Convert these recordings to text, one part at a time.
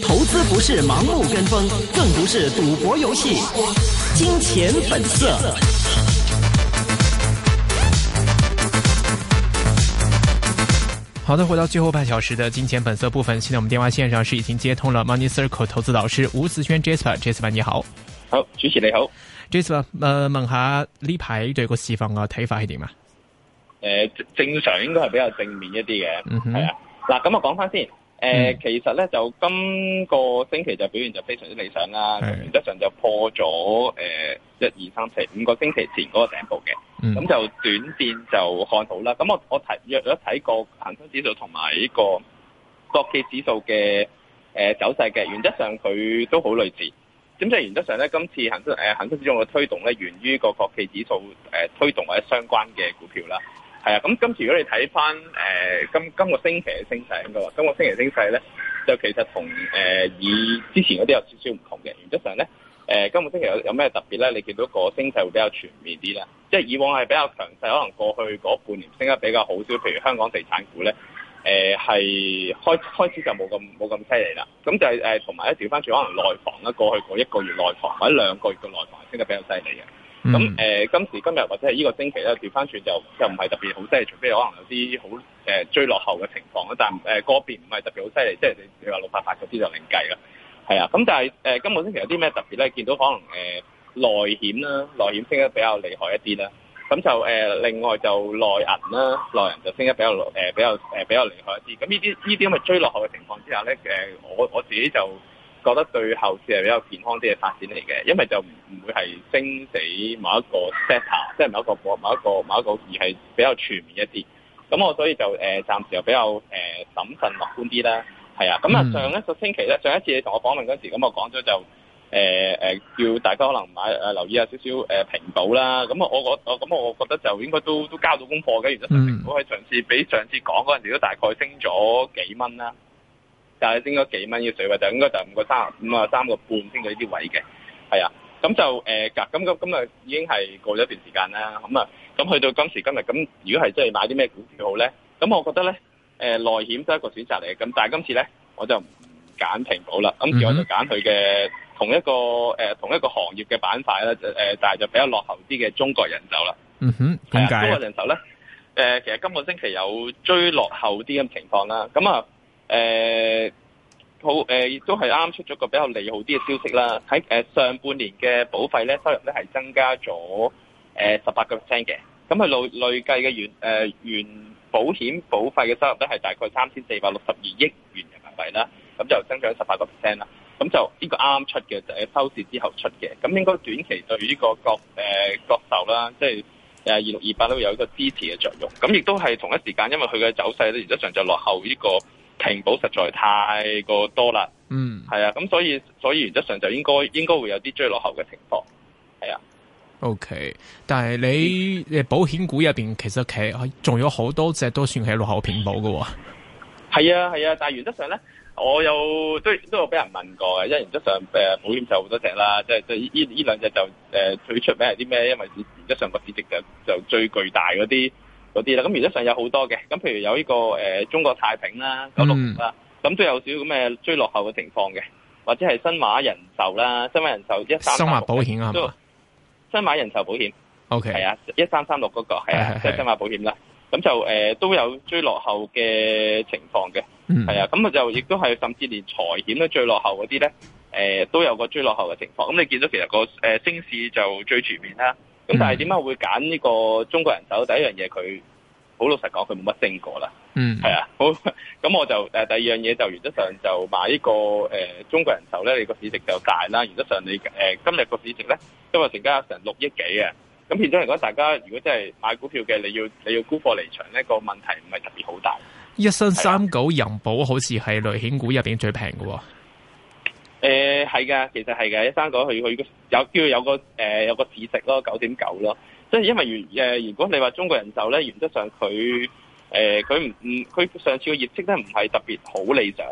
投資不是盲目跟風，更不是賭博遊戲。金錢本色。好的，回到最後半小時的金錢本色部分。現在我們電話線上是已經接通了 Money Circle 投資導師吳子軒 Jasper，Jasper 你好，好，主持人你好，Jasper，呃，問下呢排對個市況個睇法係點啊？誒、呃，正常應該係比較正面一啲嘅，係、嗯、哼啊。嗱，咁我講翻先。嗯、其實咧就今個星期就表現就非常之理想啦。嗯、原則上就破咗誒一二三四五個星期前嗰個頂部嘅，咁、嗯、就短線就看好啦。咁我我睇若若睇過恒生指數同埋呢個國企指數嘅、呃、走勢嘅，原則上佢都好類似。咁即係原則上咧，今次恒生、呃、恒生指數嘅推動咧，源於個國企指數、呃、推動或者相關嘅股票啦。係啊，咁今次如果你睇翻誒今今個星期嘅升勢嘅話，今個星期升勢咧就其實同誒、呃、以之前嗰啲有少少唔同嘅。原則上咧，誒、呃、今個星期有有咩特別咧？你見到個升勢會比較全面啲啦。即係以往係比較強勢，可能過去嗰半年升得比較好少，譬如香港地產股咧，誒、呃、係開始開始就冇咁冇咁犀利啦。咁就係同埋一調番轉，呃、可能內房啦，過去嗰一個月內房或者兩個月嘅內房升得比較犀利嘅。咁誒、嗯呃、今時今日或者係呢個星期咧，調翻轉就就唔係特別好犀利，除非可能有啲好誒追落後嘅情況啦。但誒、呃、個別唔係特別好犀利，即係你你話六八八嗰啲就另計啦。係啊，咁但係誒、呃、今個星期有啲咩特別咧？見到可能誒、呃、內險啦，內險升得比較厲害一啲啦。咁就誒、呃、另外就內銀啦，內銀就升得比較、呃、比較誒、呃、比較厲害一啲。咁呢啲呢啲咁嘅追落後嘅情況之下咧、呃，我我自己就覺得對後市係比較健康啲嘅發展嚟嘅，因為就唔會係升死某一個 sector 即係某一個某一個某一個，而係比較全面一啲。咁我所以就、呃、暫時又比較誒謹、呃、慎樂觀啲啦。係啊，咁啊上一個星期咧，mm. 上一次你同我訪問嗰時，咁我講咗就誒、呃、叫大家可能買誒、呃、留意下少少平保、呃、啦。咁啊我我咁我覺得就應該都都交到功課嘅，因為平保喺上次比上次講嗰陣時都大概升咗幾蚊啦。但係升咗幾蚊要水位就應該就五個三五啊三個半升到呢啲位嘅，係啊，咁就誒咁咁咁啊已經係過咗一段時間啦，咁啊咁去到今時今日，咁如果係真係買啲咩股票好咧，咁我覺得咧誒、呃、內險都係一個選擇嚟嘅，咁但係今次咧我就唔揀平安啦，咁我就揀佢嘅同一個誒、呃、同一個行業嘅板塊啦，誒但係就比較落後啲嘅中國人壽啦。嗯哼，係啊，中國人壽咧誒其實今個星期有追落後啲咁情況啦，咁、嗯、啊。嗯嗯誒、呃，好誒，亦、呃、都係啱出咗個比較利好啲嘅消息啦。喺、呃、誒上半年嘅保費咧收入咧係增加咗誒十八個 percent 嘅。咁、呃、佢累累計嘅原誒、呃、原保險保費嘅收入咧係大概三千四百六十二億元人民幣啦。咁就增長咗十八個 percent 啦。咁就呢個啱出嘅，就喺、是、收市之後出嘅。咁應該短期對於呢個國誒國壽啦，即係誒二六二八都會有一個支持嘅作用。咁亦都係同一時間，因為佢嘅走勢咧實質上就落後呢、這個。平保實在太過多啦，嗯，係啊，咁所以所以原則上就應該應該會有啲追落後嘅情況，係啊，OK，但係你誒保險股入邊其實佢仲有好多隻都算係落後平保嘅，啊，係啊係啊，但係原則上咧，我有都都有俾人問過嘅，因為原則上誒保險就好多隻啦，即係即係呢兩隻就誒、呃、最出名係啲咩？因為原則上個市值就就最巨大嗰啲。啲啦，咁原則上有好多嘅，咁譬如有呢個、呃、中國太平啦、九六啦，咁都有少少咁嘅追落後嘅情況嘅，或者係新馬人壽啦、新馬人壽一三三六，新馬保險啊，新馬人壽保險，O K，係啊，一三三六嗰個係啊，即係新馬保險啦，咁就、呃、都有追落後嘅情況嘅，係啊、嗯，咁就亦都係甚至連財險咧最落後嗰啲咧，都有個追落後嘅情況，咁你見到其實、個誒升、呃、市就最全面啦。咁、嗯、但係點解會揀呢個中國人壽？第一樣嘢佢好老實講，佢冇乜升過啦。嗯，係啊，好。咁我就第二樣嘢就原則上就買呢、呢個、呃、中國人壽咧，你個市值就大啦。原則上你、呃、今日個市值咧，今日成家成六億幾嘅。咁變咗嚟講，大家如果真係買股票嘅，你要你要沽貨離場呢個問題唔係特別好大。一生三九人保好似係類險股入面最平嘅喎。誒係㗎，其實係㗎，一三九佢佢有叫有個誒、呃、有個市值咯，九點九咯，即係因為如誒、呃，如果你話中國人壽咧，原則上佢誒佢唔唔，佢、呃嗯、上次個業績咧唔係特別好理想，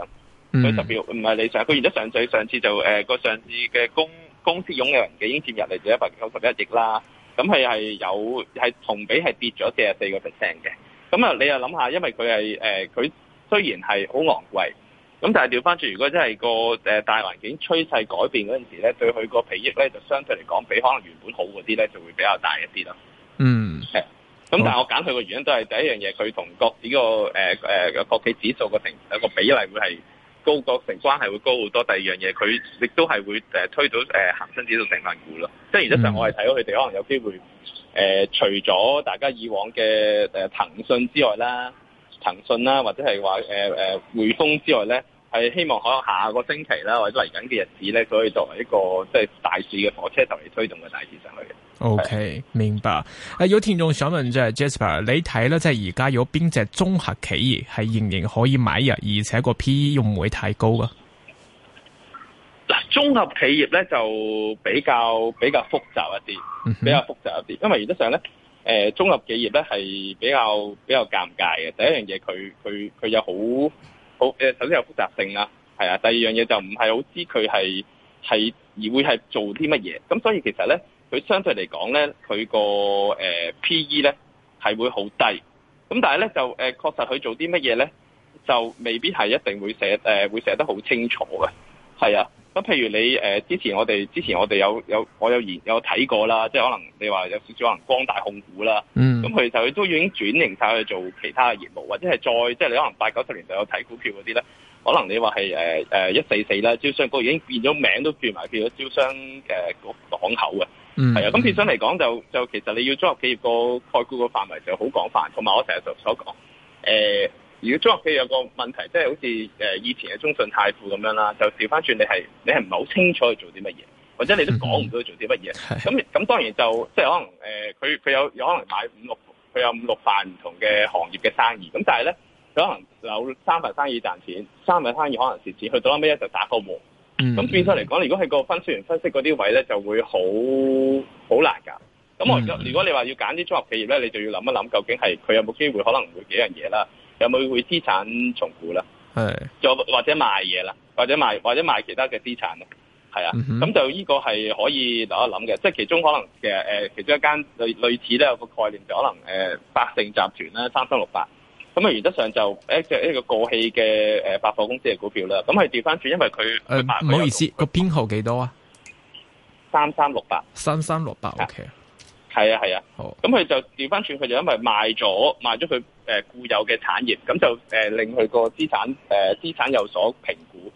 佢特別唔係理想。佢原則上最上次就誒個、呃、上次嘅公公司擁有人幾已經佔入嚟就一百九十一億啦，咁佢係有係同比係跌咗四十四個 percent 嘅。咁啊、嗯，你又諗下，因為佢係誒佢雖然係好昂貴。咁但係調翻轉，如果真係個誒大環境趨勢改變嗰陣時咧，對佢個裨益咧，就相對嚟講比可能原本好嗰啲咧，就會比較大一啲咯。嗯，係。咁但係我揀佢個原因都係第一樣嘢，佢同各幾個誒誒個國企指數成個成比例會係高個成關係會高好多。第二樣嘢，佢亦都係會誒推到誒恆生指數成分股咯。即係原則上，嗯、我係睇到佢哋可能有機會、呃、除咗大家以往嘅誒騰訊之外啦，騰訊啦，或者係話誒誒匯豐之外咧。係希望可下個星期啦，或者嚟緊嘅日子咧，可以作為一個即係大市嘅火車頭嚟推動嘅大市上去嘅。O Okay , K. 的明白。誒，有聽眾想問就係 Jasper，你睇咧即係而家有邊隻綜合企業係仍然可以買入，而且個 P E 用唔會太高啊？嗱，綜合企業咧就比較比較複雜一啲，比較複雜一啲，因為原則上咧，誒、呃，綜合企業咧係比較比較尷尬嘅。第一樣嘢，佢佢佢有好。好誒，首先有複雜性啦，係啊。第二樣嘢就唔係好知佢係係而會係做啲乜嘢，咁所以其實咧，佢相對嚟講咧，佢個誒 PE 咧係會好低，咁但係咧就誒確實佢做啲乜嘢咧，就未必係一定會寫誒會寫得好清楚嘅，係啊。咁譬如你誒之前我哋之前我哋有有我有研有睇過啦，即係可能你話有少少可能光大控股啦，咁佢就都已經轉型曬去做其他嘅業務，或者係再即係你可能八九十年代有睇股票嗰啲咧，可能你話係誒誒一四四啦，招商局已經變咗名都變埋變咗招商嘅港口嘅，係啊、mm.，咁變相嚟講就就其實你要綜合企業個概估個範圍就好廣泛，同埋我成日就所講誒。如果綜合企業有個問題，即係好似以前嘅中信泰富咁樣啦，就調翻轉你係你係唔係好清楚去做啲乜嘢，或者你都講唔到去做啲乜嘢？咁咁 當然就即係可能誒，佢、呃、佢有有可能買五六佢有五六塊唔同嘅行業嘅生意。咁但係咧，佢可能有三份生意賺錢，三份生意可能蝕錢，去到拉尾咧就打個門。咁 變相嚟講，如果係個分析員分析嗰啲位咧，就會好好難搞。咁我如果你話要揀啲綜合企業咧，你就要諗一諗究竟係佢有冇機會，可能會幾樣嘢啦。有冇會資產重估啦？係，就或者賣嘢啦，或者賣或者賣其他嘅資產咧，係啊。咁，嗯哼，就呢個係可以諗一諗嘅，即係其中可能嘅誒，其中一間類類似咧有個概念就可能誒，百盛集團啦，三三六八。咁啊，原則上就誒，即係一個過氣嘅誒百貨公司嘅股票啦。咁係調翻轉，因為佢誒，呃，唔好意思，個編號幾多啊？三三六八，三三六八，OK。係啊係啊，咁佢、啊、好就調翻轉，佢就因為賣咗賣咗佢、呃、固有嘅產業，咁就、呃、令佢個資產、呃、資產有所評估，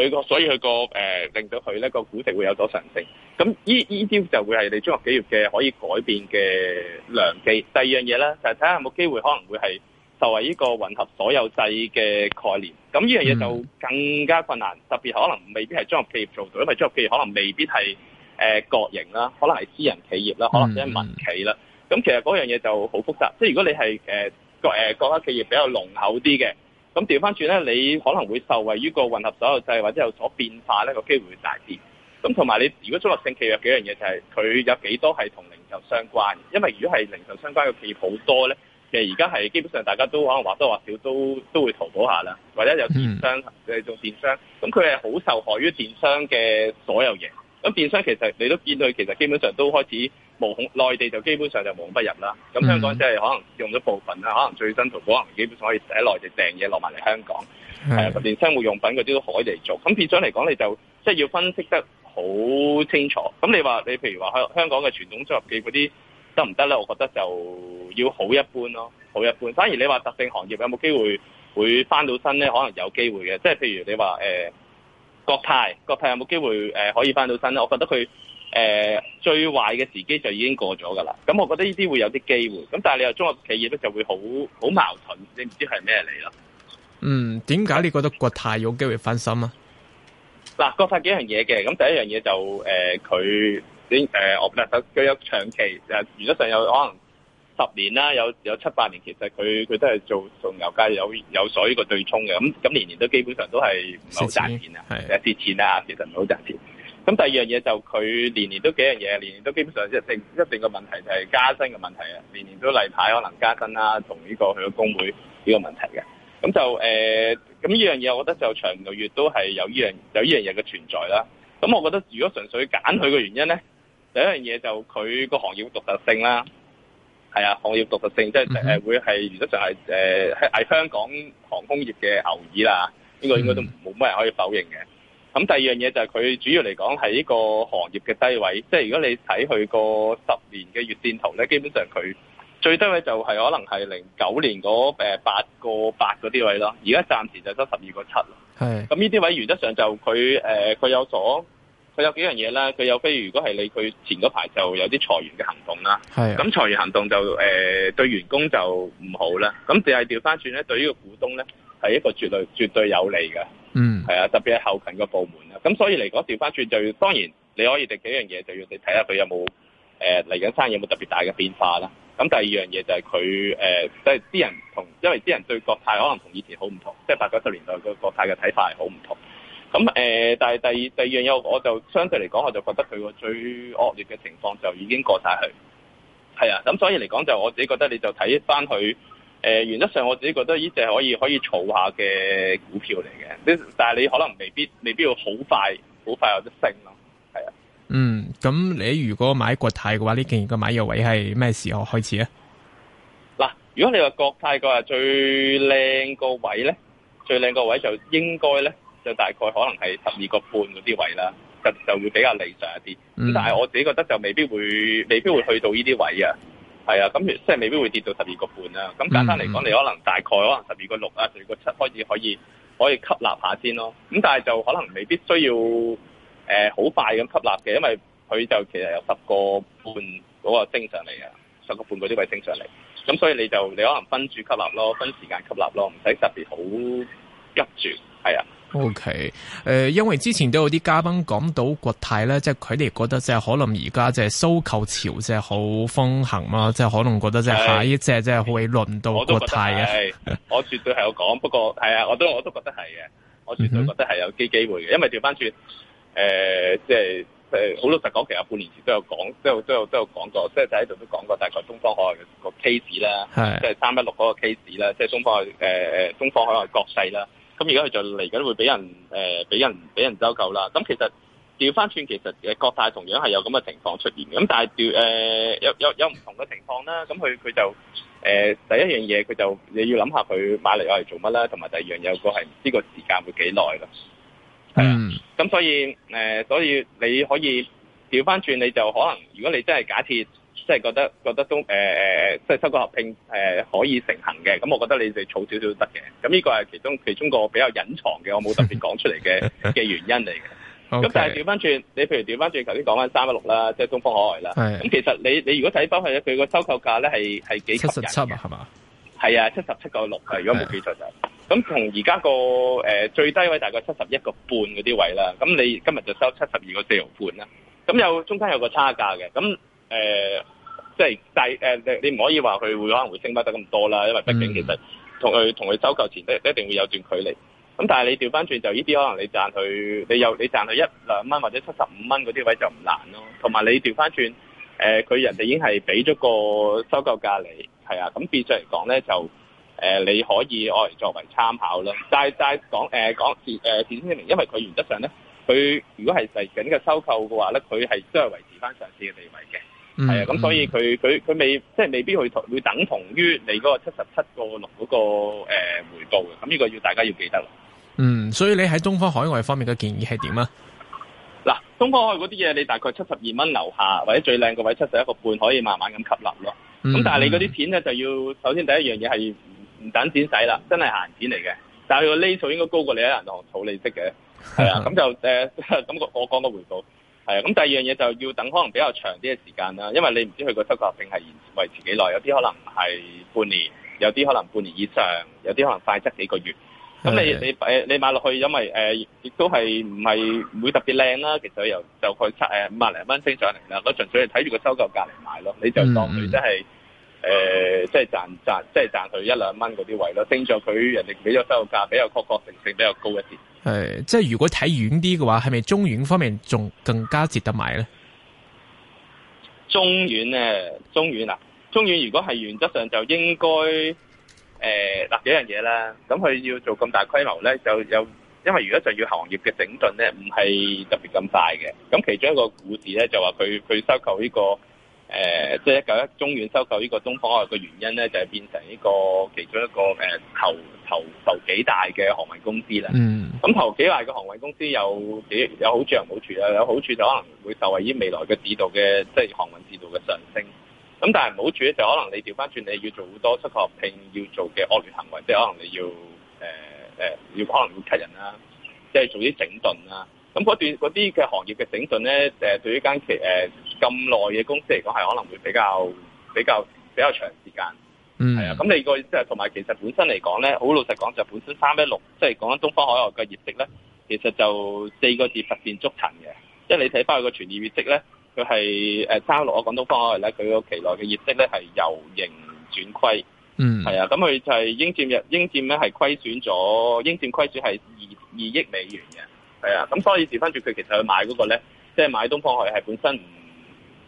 佢個所以佢個、呃、令到佢咧個股值會有所上升。咁呢啲就會係你中國企業嘅可以改變嘅良機。第二樣嘢咧就睇、係、下有冇機會可能會係受惠呢個混合所有制嘅概念。咁呢樣嘢就更加困難，特別可能未必係中國企業做到，因為中國企業可能未必係。誒、呃、國營啦，可能係私人企業啦，可能即係民企啦。咁、嗯、其實嗰樣嘢就好複雜。即係如果你係誒國誒國家企業比較濃厚啲嘅，咁調翻轉咧，你可能會受惠於個混合所有制或者有所變化咧個機會會大啲。咁同埋你如果綜合性企業有幾樣嘢就係、是、佢有幾多係同零售相關，因為如果係零售相關嘅企業好多咧，其實而家係基本上大家都可能或多或少都都會淘寶下啦，或者有電商誒做、嗯、電商，咁佢係好受害於電商嘅所有嘢。咁電商其實你都見到，其實基本上都開始無孔，內地就基本上就無孔不入啦。咁香港即係可能用咗部分啦，mm hmm. 可能最新淘寶可能基本上可以喺內地訂嘢落埋嚟香港，誒、mm hmm. 呃、連生活用品嗰啲都可以嚟做。咁變相嚟講，你就即係要分析得好清楚。咁你話你譬如話香香港嘅傳統出入口嗰啲得唔得咧？我覺得就要好一般咯，好一般。反而你話特定行業有冇機會會翻到身咧？可能有機會嘅，即係譬如你話國泰，國泰有冇機會誒、呃、可以翻到身咧？我覺得佢誒、呃、最壞嘅時機就已經過咗噶啦。咁、嗯、我覺得呢啲會有啲機會。咁但係你又中國企業咧，就會好好矛盾，你唔知係咩嚟咯。嗯，點解你覺得國泰有機會翻身啊？嗱，國泰幾樣嘢嘅，咁、嗯、第一樣嘢就誒佢，誒我覺得佢有長期誒原則上有可能。十年啦，有有七八年，其實佢佢都係做同油價有有所呢個對沖嘅。咁咁年年都基本上都係唔係好賺錢啊，係一啲錢啊，其實唔係好賺錢。咁第二樣嘢就佢年年都幾樣嘢，年年都基本上一定一定個問題就係加薪嘅問題啊，年年都例牌可能加薪啦，同呢、這個佢嘅工會呢個問題嘅。咁就誒咁呢樣嘢，呃、我覺得就長年月都係有呢樣有呢樣嘢嘅存在啦。咁我覺得如果純粹揀佢嘅原因咧，第一樣嘢就佢個行業獨特性啦。係啊，行業獨特性即係誒會係原則上係誒係香港航空業嘅牛耳啦，呢個應該都冇乜人可以否認嘅。咁第二樣嘢就係佢主要嚟講係呢個行業嘅低位，即係如果你睇佢個十年嘅月線圖咧，基本上佢最低位就係可能係零九年嗰八個八嗰啲位咯。而家暫時就得十二個七啦。係咁呢啲位原則上就佢誒佢有所。佢有幾樣嘢啦。佢有譬如如果係你佢前嗰排就有啲裁員嘅行動啦，係咁裁員行動就誒、呃、對員工就唔好啦，咁淨係調翻轉咧對於個股東咧係一個絕對，絕對有利嘅，嗯，係啊，特別係後勤個部門啦，咁所以嚟講調翻轉就要，當然你可以睇幾樣嘢，就要你睇、呃、下佢有冇誒嚟緊生意有冇特別大嘅變化啦。咁第二樣嘢就係佢誒即係啲人同，因為啲人對國泰可能同以前好唔同，即係八九十年代個國泰嘅睇法係好唔同。咁誒、嗯，但係第二第二樣嘢，我就相對嚟講，我就覺得佢個最惡劣嘅情況就已經過晒去，係啊。咁、嗯、所以嚟講，就我自己覺得你就睇翻佢誒原則上，我自己覺得呢隻可以可以儲下嘅股票嚟嘅。但係你可能未必未必要好快好快有得升咯，係啊。嗯，咁你如果買國泰嘅話，呢件個買入位係咩時候開始啊？嗱，如果你話國泰個最靚個位咧，最靚個位就應該咧。就大概可能係十二個半嗰啲位啦，就就會比較理想一啲。咁、嗯、但係我自己覺得就未必會，未必會去到呢啲位啊。係啊，咁即係未必會跌到十二個半啦。咁簡單嚟講，嗯、你可能大概可能十二個六啊，十二個七開始可以可以，可以吸納下先咯。咁但係就可能未必需要誒好、呃、快咁吸納嘅，因為佢就其實有十個半嗰個升上嚟啊，十個半嗰啲位升上嚟。咁所以你就你可能分住吸納咯，分時間吸納咯，唔使特別好急住係啊。O K，誒，因為之前都有啲嘉賓講到國泰咧，即係佢哋覺得即係可能而家即係收購潮即係好風行嘛，即係可能覺得即係下一隻即係可以輪到國泰啊！我, 我絕對係有講，不過係啊，我都我都覺得係嘅，我絕對覺得係有機機會嘅。因為調翻轉，誒、呃，即係誒，好老實講，其實半年前都有講，都有都有都有講過，即係就喺度都講過，大概東方海外嘅個 case 啦，即係三一六嗰個 case 啦，即係東方誒誒，東方海外、呃、國際啦。咁而家佢就嚟緊會俾人誒俾、呃、人俾人收購啦。咁其實調翻轉，其實嘅國泰同樣係有咁嘅情況出現嘅。咁、嗯、但係調、呃、有有有唔同嘅情況啦。咁佢佢就、呃、第一樣嘢，佢就你要諗下佢買嚟攞嚟做乜啦。同埋第二樣嘢，個係唔知個時間會幾耐啦係啊。咁、嗯呃、所以、呃、所以你可以調翻轉，你就可能如果你真係假設。即係覺得覺得都誒誒誒，即係收購合併誒、呃、可以成行嘅。咁我覺得你哋儲少少都得嘅。咁呢個係其中其中個比較隱藏嘅，我冇特別講出嚟嘅嘅原因嚟嘅。咁 Okay. 但係調翻轉你，譬如調翻轉，頭先講翻三一六啦，即係東方海外啦。咁的其實你你如果睇翻係佢個收購價咧係係幾吸引嘅，七十七啊？係嘛？係啊，七十七個六啊。6，如果冇記錯就咁，同而家個誒最低位大概七十一個半嗰啲位啦。咁你今日就收七十二個四毫半啦。咁有中間有個差價嘅咁。誒、呃，即係但誒，你你唔可以話佢會可能會升翻得咁多啦，因為畢竟其實同佢同佢收購前都一定會有段距離。咁但係你調翻轉就呢啲可能你賺佢，你又你賺佢一兩蚊或者七十五蚊嗰啲位就唔難咯。同埋你調翻轉誒，佢、呃、人哋已經係俾咗個收購價嚟，係啊，咁變著嚟講咧就誒、呃，你可以愛作為參考啦。但係但係講誒、呃、講誒錢先明，因為佢原則上咧，佢如果係實緊嘅收購嘅話咧，佢係都係維持翻上，上市嘅地位嘅。係、嗯、啊，咁所以佢佢佢未即係未必去同會等同於你嗰個七十七個六嗰個誒回報嘅，咁呢個要大家要記得啦。嗯，所以你喺東方海外方面嘅建議係點啊？嗱，東方海外嗰啲嘢，你大概七十二蚊樓下，或者最靚個位七十一個半，可以慢慢咁吸納咯。咁、嗯、但係你嗰啲錢咧就要首先第一樣嘢係唔等錢使啦，真係閒錢嚟嘅。但係佢個利數應該高過你喺銀行儲利息嘅，係啊。咁就誒，咁 我我講個回報。啊，咁第二樣嘢就要等可能比較長啲嘅時間啦，因為你唔知佢個收購性係延遲維持幾耐，有啲可能係半年，有啲可能半年以上，有啲可能快則幾個月。咁你你 Okay. 你買落去，因為誒亦、呃、都係唔係唔會特別靚啦，其實又就佢七誒五零蚊升上嚟啦，我純粹係睇住個收購價嚟買咯，你就當佢真係誒即係賺真賺即係賺佢一兩蚊嗰啲位咯，升咗佢人哋俾咗收購價比較確確定性比較高一啲。誒，即係如果睇遠啲嘅話，係咪中遠方面仲更加值得買咧？中遠咧，中遠啊，中遠、啊、如果係原則上就應該誒，嗱、呃、幾樣嘢啦。咁佢要做咁大規模咧，就有因為如果就要行業嘅整頓咧，唔係特別咁快嘅。咁其中一個故事咧就話佢佢收購呢、這個。誒，即係一九一中遠收購呢個東方嘅原因咧，就係、是、變成呢個其中一個、呃、頭頭頭幾大嘅航運公司啦。嗯。咁頭幾大嘅航運公司有有好處，唔好處啊！有好處就可能會受惠於未來嘅指導嘅，即係航運指導嘅上升。咁但係唔好處咧，就可能你調翻轉你要做好多出合聘要做嘅惡劣行為，即係可能你要誒、呃呃、要可能要 cut 人啦，即係做啲整頓啦。咁嗰段嗰啲嘅行業嘅整頓咧，對呢間其誒。呃咁耐嘅公司嚟講，係可能會比較比較比較長時間。咁、嗯啊、第二個即係同埋，其實本身嚟講呢，好老實講，就本身三一六，即係講緊東方海外嘅業績呢，其實就四個字突變觸塵嘅。即係你睇返佢個全年業績呢，佢係三一六啊，講、呃、東方海外呢，佢個期內嘅業績呢係由盈轉虧。咁佢、嗯啊、就係英佔英佔呢係虧損咗，英佔虧損係二二億美元嘅。咁、啊、所以轉翻住佢其實佢買嗰個呢，即、就、係、是、買東方海係本身唔。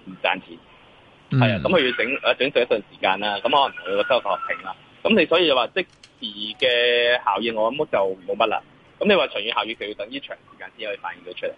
唔賺錢，係啊，咁佢、嗯嗯、要整誒整，整一段時間啦，咁、嗯、可能同佢個收學評啦，咁、嗯、你所以就話即時嘅效應，我諗就冇乜啦。咁、嗯、你話長遠效應，佢要等啲長時間先可以反映到出嚟。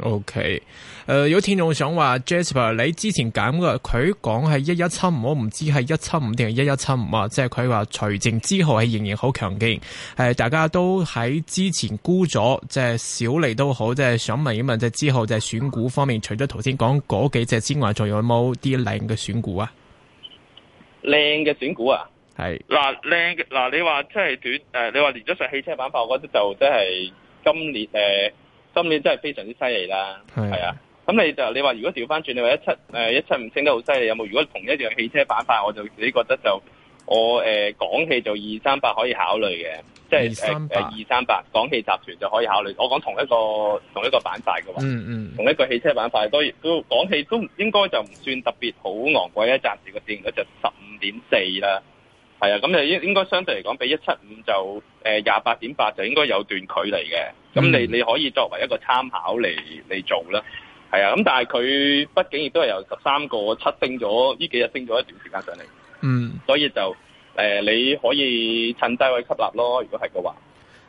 O K，誒，okay, 有聽眾想話 Jasper，你之前減嘅，佢講係一一七五，我唔知係一七五定係一一七五啊，即係佢話徐靖之後係仍然好強勁，誒，大家都喺之前估咗，即係小利都好，即係想問一問，即係之後即係選股方面，除咗頭先講嗰幾隻之外有有一，仲有冇啲靚嘅選股啊？靚嘅選股啊，係嗱靚嘅嗱，你話即係短誒，你話連咗上汽車板塊，我覺得就即係今年誒。呃今年真係非常之犀利啦，係啊，咁、啊、你就你話如果調翻轉，你話一七誒、呃、一七五升得好犀利，有冇？如果同一隻汽車板塊，我就自己覺得就我誒廣汽就二三八可以考慮嘅，即係誒二三八、呃、二三八廣汽集團就可以考慮。我講同一個同一個板塊嘅話，嗯嗯，同一個汽車板塊都都廣汽都應該就唔算特別好昂貴，一暫時個成個就十五點四啦，係啊，咁就應應該相對嚟講比一七五就誒廿八點八就應該有段距離嘅。咁你、嗯、你可以作為一個參考嚟嚟做啦，係啊。咁但係佢畢竟亦都係由十三個七升咗，呢幾日升咗一段時間上嚟，嗯。所以就誒、呃，你可以趁低去吸納咯。如果係嘅話，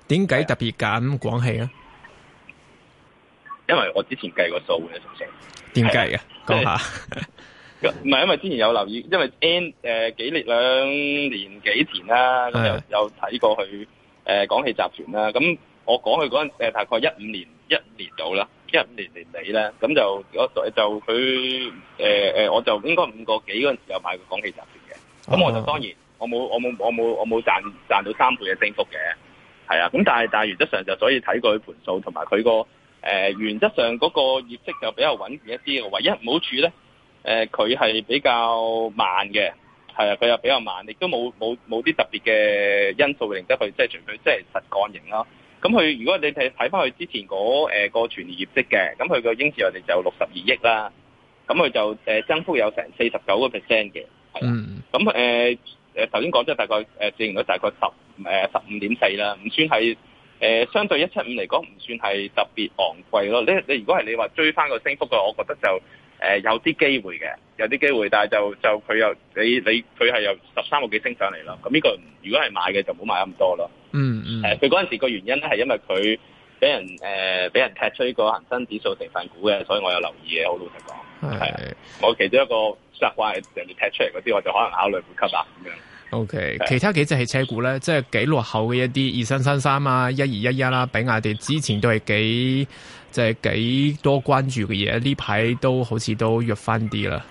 點解特別揀廣汽啊？因為我之前計過數嘅，仲剩點計啊？講下，唔係因為之前有留意，因為 N、呃、幾年年幾兩年幾前啦，咁有有睇過佢誒廣汽集團啦，咁、呃。我講佢嗰陣大概一五年一五年到啦，一五年年底咧，咁就就佢誒、呃、我就應該五個幾嗰時有買過廣汽集團嘅，咁我就當然我冇我冇我冇我冇賺賺到三倍嘅升幅嘅，係啊，咁但係但係原則上就所以睇佢盤數同埋佢個誒原則上嗰個業績就比較穩定一啲，唯一唔好處咧誒，佢、呃、係比較慢嘅，係啊，佢又比較慢，亦都冇冇冇啲特別嘅因素令得佢即係除佢，即係實幹型咯。咁佢如果你睇睇翻佢之前嗰誒個全年業績嘅，咁佢個英治我哋就六十二億啦，咁佢就誒增幅有成四十九個 percent 嘅，係啦。咁誒誒，頭先講咗大概誒市盈率大概十誒十五點四啦，唔、呃、算係誒、呃、相對一七五嚟講唔算係特別昂貴咯。你你如果係你話追翻個升幅嘅，我覺得就誒、呃、有啲機會嘅。有啲機會，但就就佢又你你佢係由十三個幾升上嚟咯。咁呢個如果係買嘅就唔好買咁多咯、嗯。嗯嗯。佢嗰陣時個原因咧係因為佢俾人俾、呃、人踢出呢個恆生指數成份股嘅，所以我有留意嘅，好老實講。係的。我其中一個習慣人哋踢出嚟嗰啲，我就可能考慮會吸納咁樣。O Okay , K，的其他幾隻汽車股咧，即係幾落後嘅一啲，二三三三啊，一二一一啦，比亞迪之前都係幾即係、就是、幾多關注嘅嘢，呢排都好似都弱翻啲啦。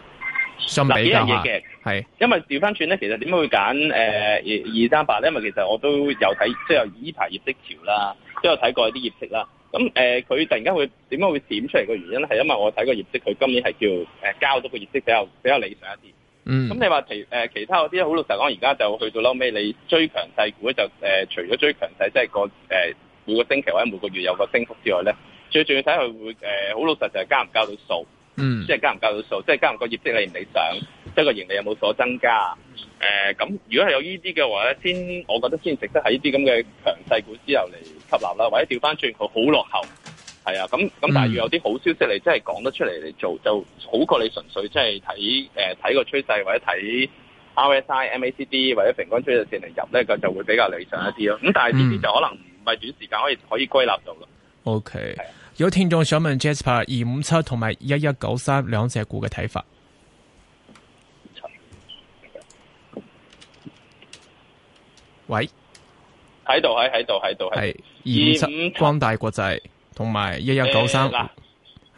相嘢嘅，係、嗯，因為調翻轉咧，其實點解會揀誒、呃、二三八咧？因為其實我都有睇，即係依排業績潮啦，都有睇過一啲業績啦。咁誒、佢、呃、突然間會點解會閃出嚟嘅原因呢？係因為我睇個業績，佢今年係叫誒、呃、交到個業績比較比較理想一啲。嗯。咁你話其誒、呃、其他嗰啲好老實講，而家就去到後尾，你追強勢股就誒、呃、除咗追強勢，即係個誒、呃、每個星期或者每個月有個升幅之外咧，最重要睇佢會誒好、呃、老實就係交唔交到數。嗯，即係加唔加到數，即係加唔加個業績理唔理想，即係個盈利有冇所增加？誒、呃，咁如果係有呢啲嘅話咧，先，我覺得先值得喺呢啲咁嘅強勢股之後嚟吸納啦，或者調翻轉佢好落後，係啊，咁咁但係要有啲好消息你真係講得出嚟嚟做，就好過你純粹即係睇誒睇個趨勢或者睇 RSI、MACD 或者平均趨勢線嚟入咧，就會比較理想一啲咯。咁但係呢啲就可能唔係短時間可以、嗯、可以歸納到咯。OK，係啊。有聽眾想問 Jasper 二五七同埋一一九三兩隻股嘅睇法。喂，喺度喺喺度喺度喺。二五七光大國際同埋一一九三。係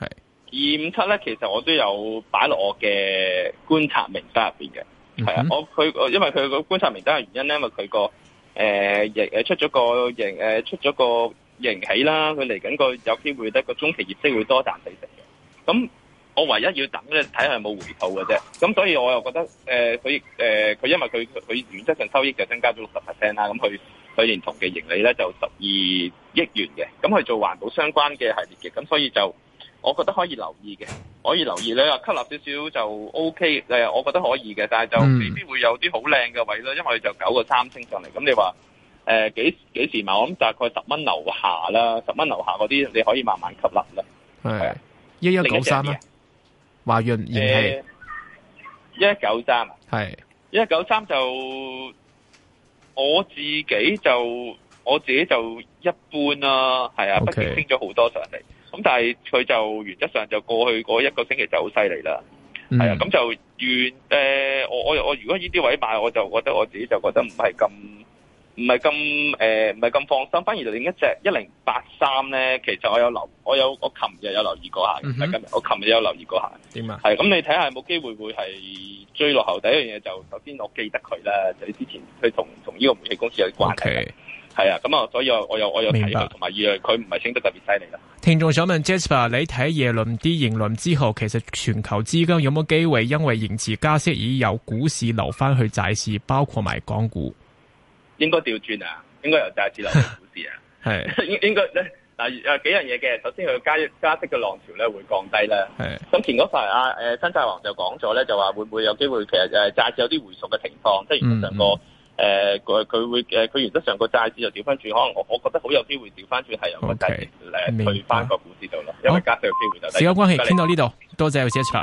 二五七咧，其實我都有擺落我嘅觀察名單入邊嘅。係啊、嗯哼，我佢因為佢個觀察名單嘅原因咧，因為佢個誒，亦、呃、誒出咗個，誒出咗個。盈起啦，佢嚟緊個有機會得個中期業績會多賺四成嘅。咁我唯一要等咧，睇下有冇回吐嘅啫。咁所以我又覺得，誒、呃，佢、呃，誒，佢因為佢佢原則上收益就增加咗六十 percent 啦。咁佢佢連同嘅盈利咧就十二億元嘅。咁佢做環保相關嘅系列嘅，咁所以就我覺得可以留意嘅，可以留意你話，吸納少少就 OK。誒，我覺得可以嘅，但係就未必會有啲好靚嘅位咯，因為就九個三升上嚟。咁你話？誒、呃，幾幾時買？我諗大概十蚊樓下啦，十蚊樓下嗰啲你可以慢慢吸納啦。係一一九三咩？華潤燃氣一一九三啊，係一一九三就我自己就我自己就一般啦，係啊，畢竟升咗好多上嚟。咁但係佢就原則上就過去嗰一個星期就好犀利啦。係、嗯、啊，咁就原誒、呃，我我我如果呢啲位買，我就覺得我自己就覺得唔係咁。唔係咁誒，唔係咁放心，反而就另一隻一零八三咧，其實我有留，我有我琴日有留意過下，唔係、嗯、哼今日，我琴日有留意過下。點啊、嗯哼？係咁、嗯，你睇下有冇機會會係追落後。第一樣嘢就首先我記得佢啦，就是、之前佢同同呢個煤氣公司有關係，係啊 Okay，咁啊，所以我有我又我又睇過，同埋以啊，佢唔係升得特別犀利啦。聽眾想問 Jasper，你睇耶倫啲言論之後，其實全球資金有冇機會因為延遲加息而由股市流翻去債市，包括埋港股？應該調轉啊！應該由債市落去股市啊！係 是 應該咧，嗱幾樣嘢嘅，首先佢加加息嘅浪潮咧會降低啦，咁是前嗰份阿新債王就講咗咧，就話會唔會有機會，其實誒債市有啲回縮嘅情況，即係原本上個佢佢，嗯呃，原則上個債市就調翻轉，可能我我覺得好有機會調翻轉係由債市嚟去翻個股市度咯，白因為加息有機會，就時間關係，傾到呢度，多